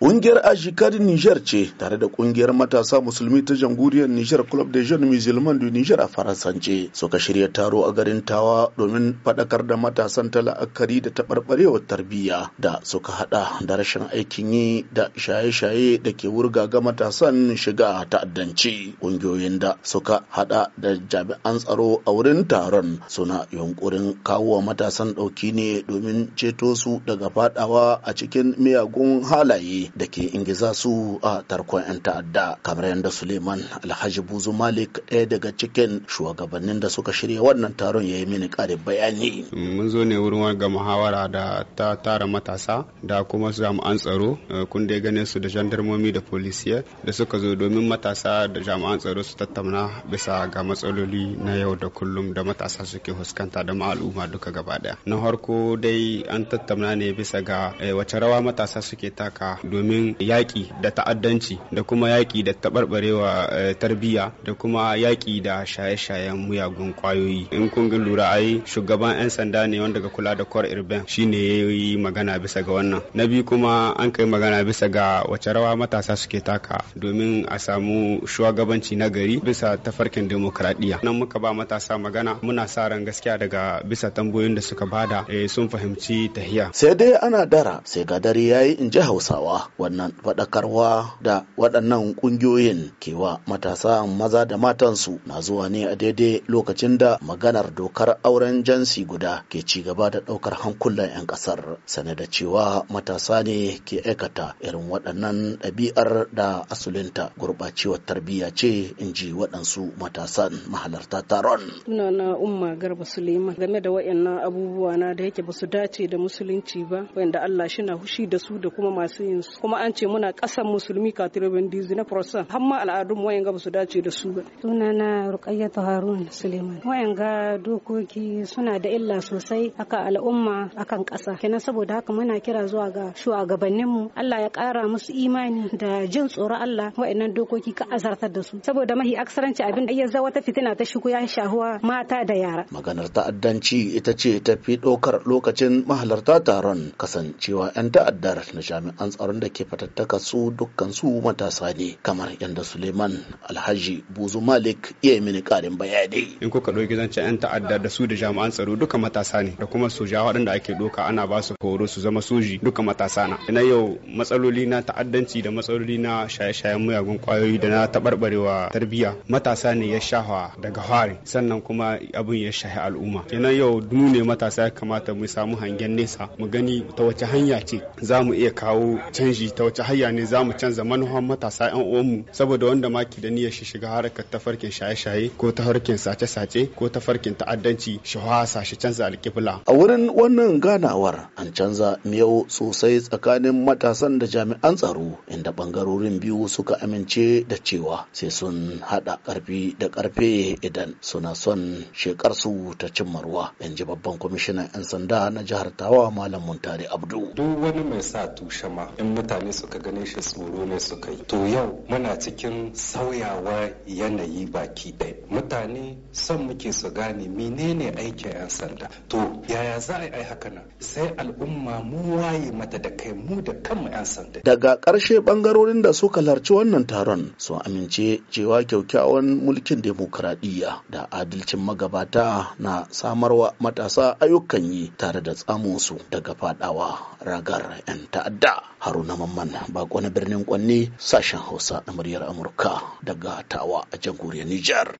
Ƙungiyar Ashikar Nijar ce tare da ƙungiyar matasa musulmi ta jamhuriyar Nijar Club de Jeunes Musulman du Nijar a Faransance suka shirya taro a garin Tawa domin faɗakar da matasan ta la'akari da taɓarɓarewar tarbiyya da suka haɗa da rashin aikin yi da shaye-shaye da ke wurga ga matasan shiga ta'addanci. Ƙungiyoyin da suka haɗa da jami'an tsaro a wurin taron suna yunƙurin kawo matasan ɗauki ne domin ceto su daga faɗawa a cikin miyagun halaye. da ke ingiza su a tarkon 'yan ta'adda kamar yadda suleiman alhaji buzu malik ɗaya daga cikin shugabannin da suka shirya wannan taron ya yi mini ƙarin bayani mun zo ne wurin ga muhawara da ta tara matasa da kuma jami'an tsaro eh, kun da ganin su da jandarmomi da polisiya da suka zo domin matasa da jami'an tsaro su tattauna bisa ga matsaloli na yau da kullum da matasa suke fuskanta da al'umma duka gaba daya na harko dai an tattauna ne bisa ga eh, wace rawa matasa suke taka domin yaƙi da ta'addanci da kuma yaƙi da taɓarɓarewa eh, tarbiyya da kuma yaƙi da shaye-shayen muyagun ƙwayoyi in kun lura ai shugaban 'yan sanda ne wanda ga kula da kwar irben shine ya yi magana bisa ga wannan na biyu kuma an kai magana bisa ga wace rawa matasa suke taka domin a samu shugabanci na gari bisa tafarkin demokradiyya nan muka ba matasa magana muna sa ran gaskiya daga bisa tambayoyin da suka bada eh, sun fahimci tahiya sai dai ana dara sai ga dare yayi in ji hausawa wannan faɗakarwa da waɗannan ƙungiyoyin kewa matasa maza da matansu na zuwa ne a daidai lokacin da maganar dokar auren jansi guda ke ci gaba da ɗaukar hankulan 'yan ƙasar sane da cewa matasa ne ke aikata irin waɗannan ɗabi'ar da asulinta gurɓacewar tarbiyya ce in ji waɗansu matasan mahalarta taron. Sunana Umma Garba Suleiman game da waɗannan abubuwa na da yake ba su dace da musulunci ba wanda Allah shi na hushi da su da kuma masu yin kuma an ce muna ƙasan musulmi katirin dizi na prosan har al'adun wayan ga su dace da su ba. Sunana ta Harun Suleiman. Wayan ga dokoki suna da illa sosai akan al'umma akan ƙasa. Kenan saboda haka muna kira zuwa ga shugabanninmu Allah ya ƙara musu imani da jin tsoro Allah wayannan dokoki ka azartar da su. Saboda mahi aksaranci abin da ya wata fitina ta shigo ya shahuwa mata da yara. Maganar ta'addanci ita ce fi ɗaukar lokacin mahalarta taron kasancewa 'yan ta'addar na jami'an tsaron da da ke fatattaka su dukkan su matasa ne kamar yadda Suleiman Alhaji Buzu Malik iya mini karin bayani. In kuka ɗauki ce 'yan ta'adda da su da jami'an tsaro duka matasa ne da kuma soja waɗanda ake ɗauka ana ba su horo su zama soji duka matasa na. ina yau matsaloli na ta'addanci da matsaloli na shaye-shayen muyagun kwayoyi da na taɓarɓarewa tarbiyya matasa ne ya shafa daga fari sannan kuma abin ya shahi al'umma. ina yau mu ne matasa ya kamata mu samu hangen nesa mu gani ta wace hanya ce za mu iya kawo canji canji ta wace hanya ne za mu canza manufan matasa 'yan uwanmu saboda wanda ma ke da niyyar shi shiga harkar farkin shaye-shaye ko tafarkin sace-sace ko tafarkin ta'addanci shi hasa shi canza alƙibla. A wurin wannan ganawar an canza miyau sosai tsakanin matasan da jami'an tsaro inda bangarorin biyu suka amince da cewa sai sun haɗa ƙarfi da ƙarfe idan suna son shekar su ta cimma ruwa in ji babban kwamishinan 'yan sanda na jihar tawa malam muntari abdu duk wani mai sa tushe ma in mutane suka gane shi tsoro ne suka yi to yau muna cikin sauyawa yanayi baki ɗaya mutane son muke su gane menene aikin 'yan sanda to yaya za a yi haka nan sai al'umma mu waye mata da kai mu da kanmu 'yan sanda daga ƙarshe ɓangarorin da suka larci wannan taron sun amince cewa kyaukyawan mulkin demokuraɗiyya da adalcin magabata na samarwa matasa ayyukan yi tare da tsamunsu daga faɗawa ragar 'yan ta'adda haruna mamman bakon na birnin kwanne sashen hausa na muryar amurka daga tawa a jamhuriyar nijar